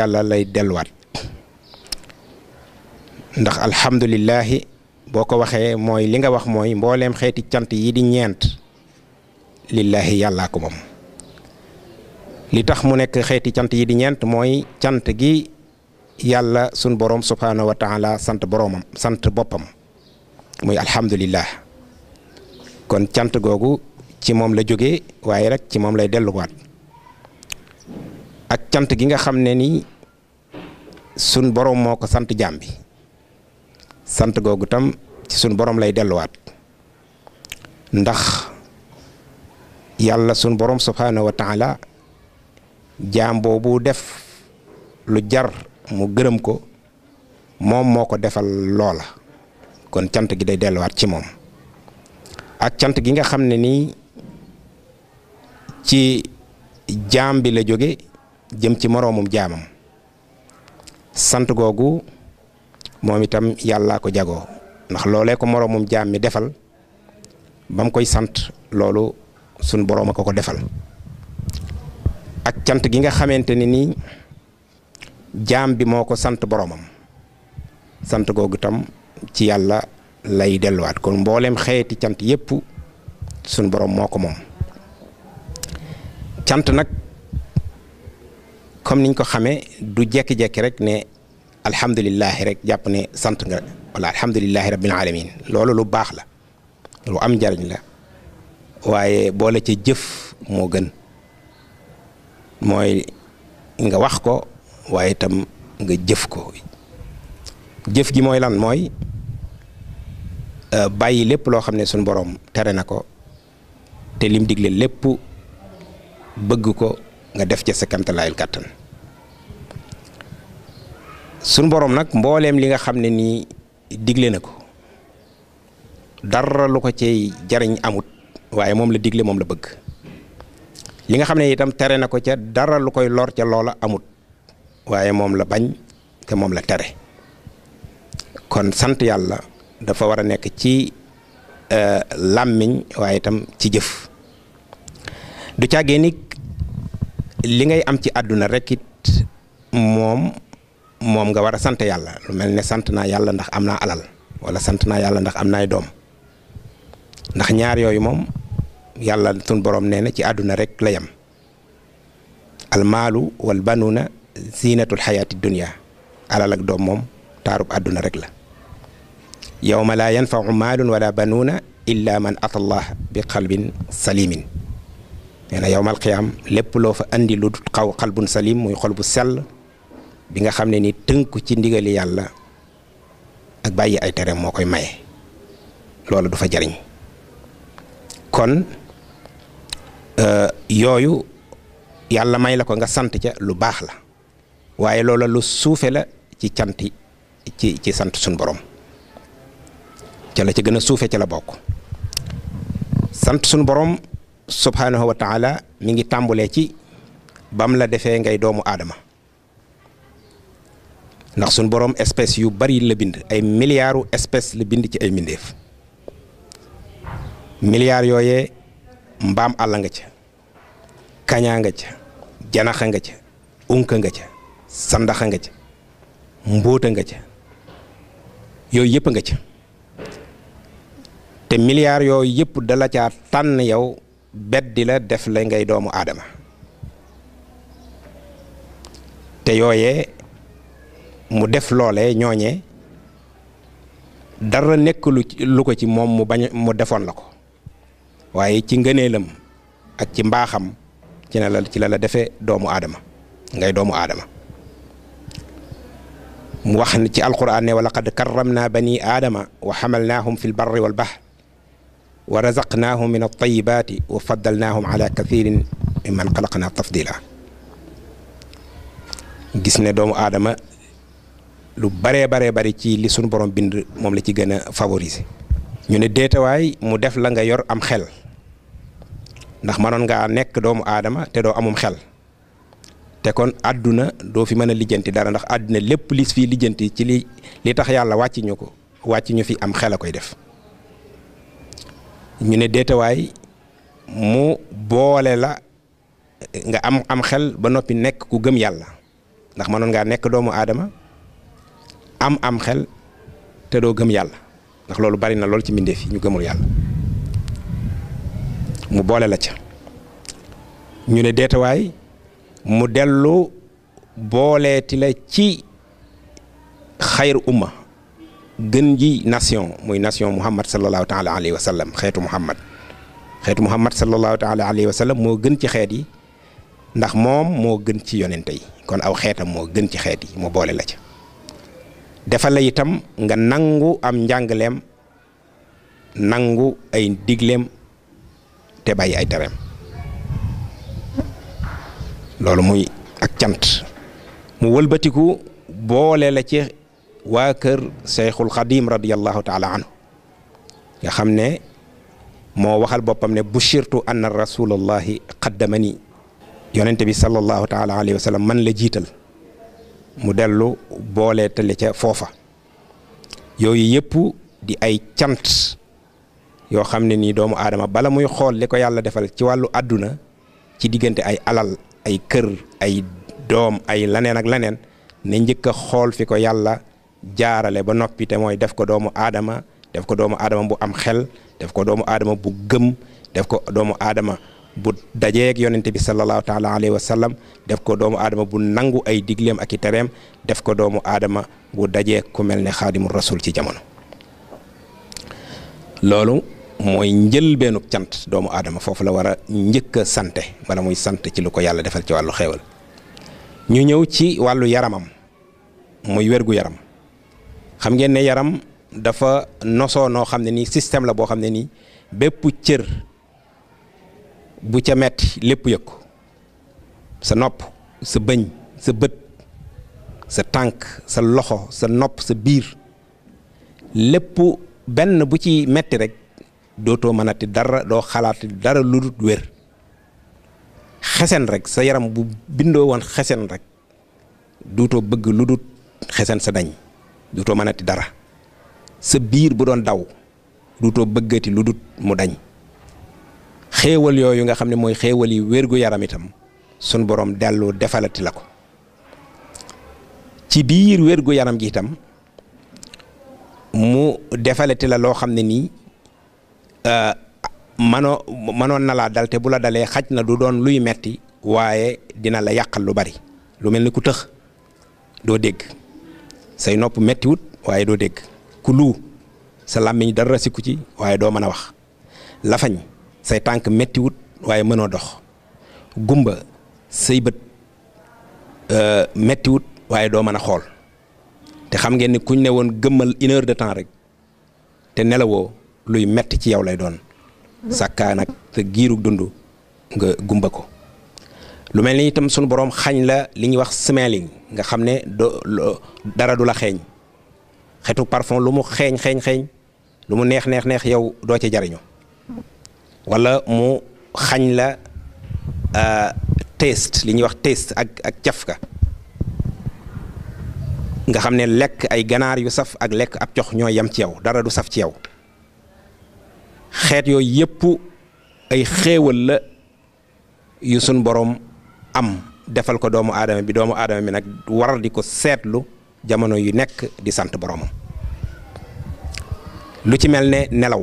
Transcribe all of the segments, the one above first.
yàlla lay delluwaat ndax alhamdulilahi boo ko waxee mooy li nga wax mooy mbooleem xeeti cant yi di ñeent lillahi yàllaa ko moom li tax mu nekk xeeti cant yi di ñeent mooy cant gi yàlla sun boroom subhaanahu wa sant boromam sant boppam muy alhamdulillah kon cant googu ci moom la jóge waaye rek ci moom lay delluwaat ak cant gi nga xam ne ni sun borom moo ko sant jaam bi sant googu tam ci sun borom lay delluwaat ndax yàlla sun borom subhaanahu wa taala bu boobu def lu jar mu gërëm ko moom moo ko defal loola kon cant gi day delluwaat ci moom ak cant gi nga xam ne nii ci jaam bi la jóge jëm ci moroomum jaamam sant googu moom itam yàllaa ko jagoo ndax loolee ko moroomum jaam mi defal bam koy sant loolu sunu boroom a ko ko defal ak cant gi nga xamante ne nii jaam bi moo ko sant boroomam sant googu tam ci yàlla lay delluwaat kon mboolem xeeti cant yépp sunu boroom moo ko moom cant nag. comme niñ ko xamee du jekki-jekki rek ne alhamdulilahi rek jàpp ne sant nga wala alhamdulilahi rabbil alamin loolu lu baax la lu am njariñ la waaye boole ca jëf moo gën mooy nga wax ko waaye itam nga jëf ko jëf gi mooy lan mooy euh, bàyyi lépp loo xam ne suñ boroom tere na ko te lim digle lépp bëgg ko nga def ca sa kamtalaayul kàttan sunu boroom nag mbooleem li nga xam ne nii digle na ko dara lu ko cay jariñ amut waaye moom la digle moom la bëgg li nga xam ne itam tere na ko ca dara lu koy lor ca loola amut waaye moom la bañ te moom la tere kon sant yàlla dafa war a nekk ci euh, làmmiñ waaye itam ci jëf du càggee ni li ngay am ci àdduna rekk it moom moom nga war a sant yàlla lu mel ne sant naa yàlla ndax am naa alal wala sant naa yàlla ndax am na naay doom ndax ñaar yooyu moom yàlla sunu borom nee na ci àdduna rek la yem almaalu wal banuuna ziinatul xayaati dunya alal ak doom moom taarub àdduna rek la yawma laa yanfau maalun wala banuuna illa man ata allah bi xalbin salimin nee na yowmal qiyaam lépp loo fa andi lu xaw xalbun salim muy xol bu sell bi nga xam ne ni tënku ci ndigali yàlla ak bàyyi ay tere moo koy maye loolu du fa jariñ kon euh, yooyu yàlla may la ko nga sant ca lu baax la waaye loola lu suufe la ci cant ci ci sant suñ borom ca la ca gën a suufe ca la bokk sant suñ borom subhanahu wa taala mi ngi tàmbulee ci bam la defee ngay doomu aadama ndax sun borom espèce yu bari la bind ay milliards espèce la bind ci ay mbindeef milliards yooye mbaam àll nga ca kañaa nga ca janaxa nga ca unka nga ca sandaxa nga ca mbóota nga ca yooyu yëpp nga ca te milliards yooyu yëpp dala ca tànn yow beddi la def la ngay doomu aadama te yooyee mu def loole ñooñe dara nekk lu lu ci moom mu bañ mu defoon la ko waaye ci ngëneelam ak ci mbaaxam ci ne la ci la defee doomu aadama ngay doomu aadama mu wax ci alquran ne wa laqad karramna bani aadama wa xamalnaahum fi lbarri walbahr wa razaqnaahum min altayibaati wa faddalnaahum ala kathirin mimman xalaqna tafdila gis ne doomu aadama lu baree baree bari ci li sunu borom bind moom la ci gën a favoriser ñu ne déetewaay mu def la nga yor am xel ndax mënoon ngaa nekk doomu aadama te doo amum xel te kon àdduna doo fi mën a lijjanti dara ndax àdduna lépp lis fii lijjanti ci li li tax yàlla wàcc ko wàcc ñu am xel a koy def ñu ne déetawaay mu boole la nga am am xel ba noppi nekk ku gëm yàlla ndax mënoon ngaa nekk doomu aadama am am xel te doo gëm yàlla ndax loolu bari na lool ci mbindeef yi ñu gëmul yàlla mu boole la ca ñu ne deetawaay mu dellu booleeti la ci xayr umma gën ji nation muy nation muhammad sallallahu taala alayhi wa sallam xeetu muhammad xeetu muhammad sallallahu taala alayhi wa sallam moo gën ci xeet yi ndax moom moo gën ci yonente yi kon aw xeetam moo gën ci xeet yi mu boole la ca defale la itam nga nangu am njàngaleem nangu ay digleem te bay ay tereem loolu muy ak cant mu wëlbatiku boole la ci waa kër Seyxul Xadim radiyallahu taala anhu nga xam ne moo waxal boppam ne bushirtu anna rasulallahi qaddamani yonente bi sallallahu taala alayhi wa sallam man la jiital mu dellu boolee tali ca foofa yooyu yëpp di ay cant yoo xam ne nii doomu aadama bala muy xool li ko yàlla defal ci wàllu àdduna ci diggante ay alal ay kër ay doom ay laneen ak laneen ne njëkka xool fi ko yàlla jaarale ba noppi te mooy def ko doomu aadama def ko doomu aadama bu am xel def ko doomu aadama bu gëm def ko doomu aadama bu dajeeg yonente bi sallallahu taala alayhi wa sallam def ko doomu aadama bu nangu ay digleem ak i tereem def ko doomu aadama bu dajeeg ku mel ne xaadimu rasul ci jamono loolu mooy njël njëlbeenu cant doomu aadama foofu la war a njëkk a sante bala muy sant ci lu ko yàlla defal ci wàllu xéewal ñu ñëw ci wàllu yaramam muy wérgu yaram xam ngeen ne yaram dafa nosoo noo xam ne nii système la boo xam ne nii bépp cër bu ca metti lépp yëg sa nopp sa bëñ sa bët sa tànk sa loxo sa nopp sa biir lépp benn bu ci metti rekk dootoo mënati dara doo xalaati dara lu dul wér xesen rekk sa yaram bu bindoo woon xesen rekk dootoo bëgg lu dul xesen sa dañ dootoo mënati dara sa biir bu doon daw dootoo bëggati lu dul mu dañ xéewal yooyu nga xam ne mooy xéewal yi wérgu yaram itam sun borom dellu defalati la ko ci biir wérgu yaram gi itam mu defalati la loo xam ne nii euh, manoo mënoon na dal te bu la dalee xaj na du doon luy metti waaye dina la yàqal lu bari lu mel ni ku tëx doo dégg say nopp mettiwut waaye doo dégg ku lu sa làmmiñ dara siku ci waaye doo mën a wax lafañ say tànk mettiwut waaye mënoo dox gumba sëy bët euh, mettiwut waaye doo mën a xool te xam ngeen ni kuñ ne woon gëmmal une de temps rek te nelawoo luy metti ci yow lay doon sàkkaa nag te giirug dund nga gumba ko lu mel ni itam sunu boroom xañ la li ñuy wax smelling nga xam ne do dara du la xeeñ xetu parfum lu mu xeeñ xeeñ xeeñ lu mu neex neex neex yow doo ca jariñu wala mu xañ la euh, taste li ñuy wax test ak ak cafka nga xam ne lekk ay ganaar yu saf ak lekk ab jox ñoo yam ci yow dara du saf ci yow xeet yooyu yëpp ay xéewal la yu sun boroom am defal ko doomu aadama bi doomu aadama bi nag waral di ko seetlu jamono yu nekk di sant boroomam lu ci mel ne nelaw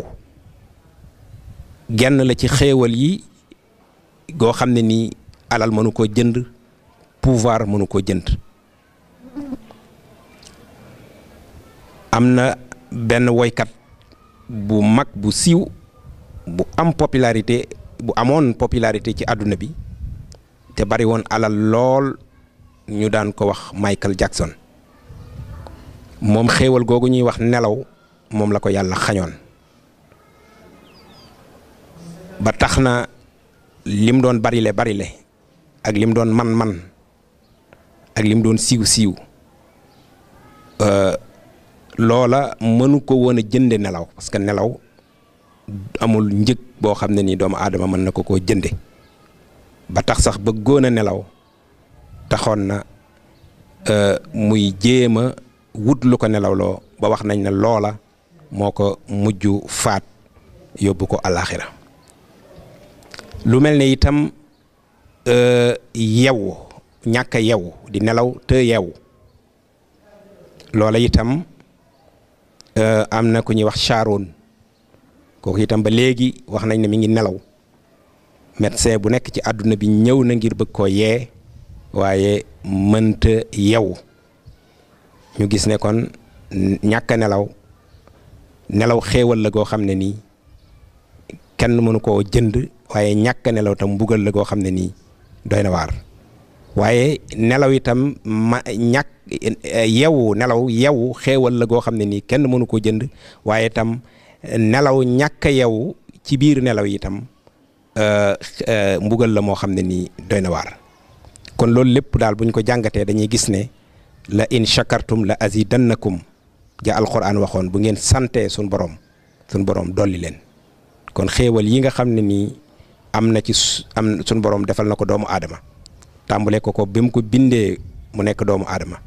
genn la ci xéewal yi goo xam ne nii alal mënu koo jënd pouvoir mënu ko jënd am na benn woykat bu mag bu siiw bu am popularité bu amoon popularité ci àdduna bi te bari woon alal lool ñu daan ko wax Michael Jackson moom xéewal googu ñuy wax nelaw moom la ko yàlla xañoon ba tax na lim doon barile barile ak lim doon man man ak lim doon siiw siiw euh, loola mënu ko woon a jënde nelaw parce que nelaw amul njëg boo xam ne nii doomu aadama mën na ko koo jënde ba tax sax bëggoon a nelaw taxoon na euh, muy jéem a wut ko nelawloo ba wax nañ ne loola moo ko mujj faat yóbbu ko àllaaxira lu mel ne itam euh, yewu ñàkk a di nelaw te yewu loola itam euh, am na ku ñuy wax Sharon kooku itam ba léegi wax nañ ne mi ngi nelaw médecin bu nekk ci àdduna bi ñëw na ngir bëgg koo yee waaye mënta yewu ñu gis ne kon ñàkk nelaw nelaw xéewal la goo xam ne nii kenn mënu koo jënd waaye ñàkk nelaw tam mbugal la goo xam ne nii doy na waar waaye nelaw itam ma ñàkk eh, nelaw yewu xéewal la goo xam ne nii kenn mënu ko jënd waaye itam eh, nelaw ñàkk yewu ci biir nelaw itam eh, mbugal la moo xam ne nii doy na waar kon loolu lépp daal buñ ko jàngatee dañuy gis ne la in shakartum la azidannakum ja alquran waxoon bu ngeen sante suñ borom suñ borom dolli leen kon xéewal yi nga xam ne nii am na ci am suñu borom defal na ko doomu aadama tàmbale ko ko bi mu ko bindee mu nekk doomu aadama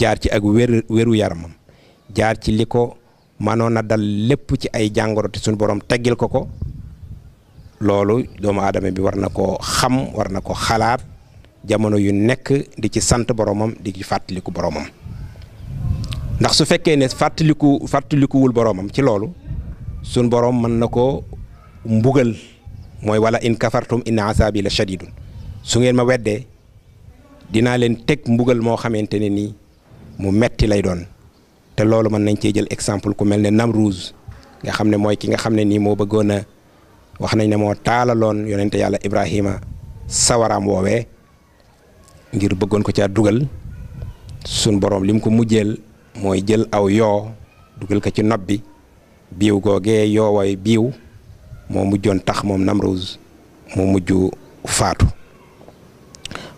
jaar ci ak wér wéru yaramam jaar ci li ko manoon a dal lépp ci ay jàngoro te suñu borom teggil ko ko loolu doomu aadama bi war na koo xam war na ko xalaat jamono yu nekk di ci sant boromam di ci fàttaliku boromam ndax su fekkee ne fàttaliku fàttalikuwul boromam ci loolu suñ borom mën na ko mbugal mooy wala in kafartum inna asabi la shadidun su ngeen ma weddee dinaa leen teg mbugal moo xamante ne nii mu metti lay doon te loolu mën nañ cee jël exemple ku mel ne Namruuz nga xam ne mooy ki nga xam ne nii moo bëggoon a wax nañ ne moo taalaloon yonente yàlla Ibrahima sawaraam woowee ngir bëggoon ko caa dugal sun borom lim ko mujjeel mooy jël aw yoo dugal ko ci nob bi biiw googee yooway biiw moo mujjoon tax moom Namrouz mu mujj faatu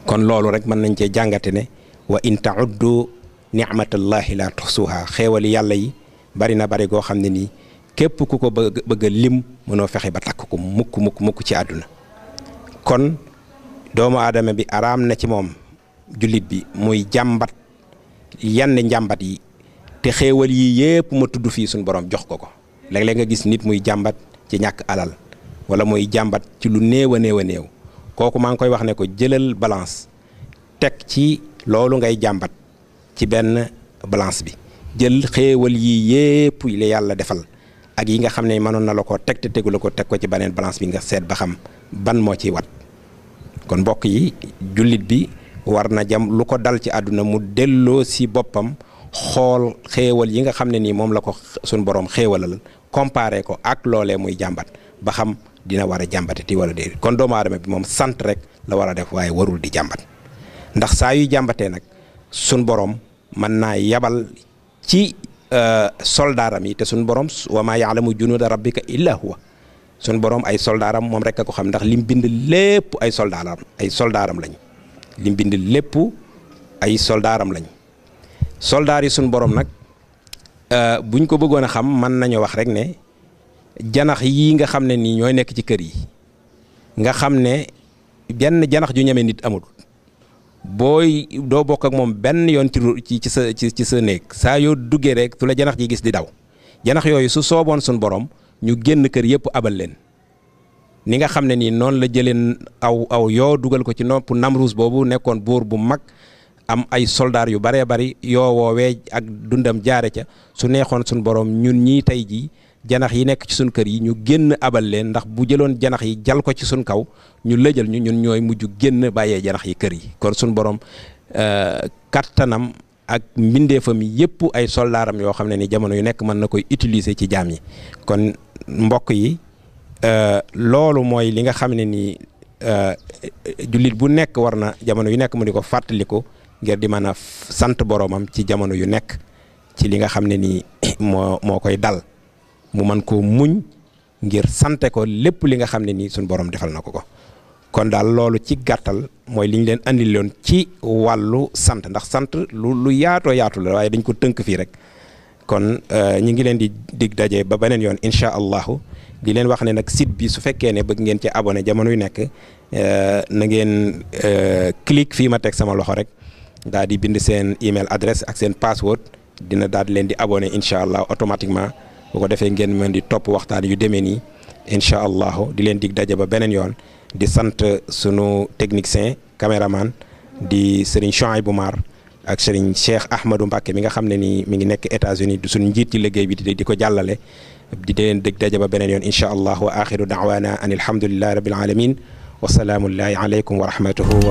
kon loolu rek mën nañ cee jàngate ne wa inta tauddu nicmatallahi la tuxsuha xéewali yàlla yi bari na bari goo xam ne nii képp ku ko bëgg lim mënoo fexe ba takk ko mukk mukk mukk ci àdduna kon doomu aadama bi araam na ci moom jullit bi muy jàmbat yenn njàmbat yi te xéewal yi yépp ma tudd fii suñu borom jox ko ko léeg-léeg nga gis nit muy jàmbat ci ñàkk alal wala mooy jàmbat ci lu néew a néew kooku maa ngi koy wax ne ko jëlal balance teg ci loolu ngay jàmbat ci benn balance bi jël xéewal yi yépp la yàlla defal ak yi nga xam ne mënoon na la ko teg te ko teg ko ci beneen balance bi nga seet ba xam ban moo ciy wat kon mbokk yi jullit bi war na jam lu ko dal ci àdduna mu delloo si boppam xool xéewal yi nga xam ne nii moom la ko suñ boroom xéewalal comparer ko ak loole muy jàmbat ba xam dina war a jàmbatati wala déedéet kon doomu bi moom sant rek la war a def waaye warul di jàmbat ndax saa yuy jàmbatee nag sun boroom mën naa yabal ci euh, soldaaram yi te sun borom wa maa yaalamu junuuda rabbika illa huwa sun borom ay soldaaram moom rek a ko xam ndax lim bind lépp ay soldaaram ay soldaaram lañ lim bind lépp ay soldaaram lañ soldaar sun borom nag. Euh, buñ ko bëggoon a xam man nañu wax rek ne janax yii nga xam ne nii ñooy nekk ci kër yi nga xam ne benn janax ju ñeme nit amul booy doo bokk ak moom benn yoon ci ci sa ci sa néeg saa yoo duggee rek su la janax ji gis di daw janax yooyu su sooboon suñ borom ñu génn kër yépp abal leen ni nga xam ne nii noonu la jëleen aw aw yoo dugal ko ci nopp Namruus boobu nekkoon buur bu mag am ay soldaar yu baree bari yoo woowee ak dundam jaare ca su neexoon suñ borom ñun ñii tey jii janax yi nekk ci suñ kër yi ñu génn abal leen ndax bu jëloon janax yi jal ko ci suñ kaw ñu lëjal ñu ñun ñooy mujj génn bàyyee janax yi kër yi kon suñ borom euh, kattanam ak mbindeefam yépp ay soldaaram yoo xam ne ni jamono yu nekk mën na koy utiliser ci jaam yi kon mbokk yi euh, loolu mooy li nga xam ne ni euh, jullit bu nekk war na jamono yu nekk mu di ko fàttaliku ngir di mën a sant boroomam ci jamono yu nekk ci li nga xam ne nii moo moo koy dal mu mën koo muñ ngir sante ko lépp li nga xam ne nii suñ borom defal na ko ko kon daal loolu ci gàttal mooy li ñu leen andiloon ci wàllu sant ndax sant lu lu yaatoo yaatu waaye dañ ko tënk fii rek kon euh, ñu ngi leen di dig daje ba beneen yoon incha allahu di leen wax ne nag sit bi su fekkee ne bëgg ngeen ci abonné jamono yu nekk euh, na ngeen euh, clique fii ma teg sama loxo rek. daal di bind seen email adresse ak seen password dina daal leen di abonné incha allah automatiquement bu ko defee ngeen mën di topp waxtaan yu demee nii incha allah di leen dig daje ba beneen yoon di sant sunu technicien caméraman di Serigne Chouaïbou Mar ak Serigne Cheikh Ahmadou Mbacke mi nga xam ne nii mi ngi nekk États-Unis du sunu njiit ci liggéey bi di ko jàllale di leen dig daje ba beneen yoon incha allah wa axiru daawaana an alhamdulillahi rabbil alamin wa salaamullahi aleykum wa rahmatuhu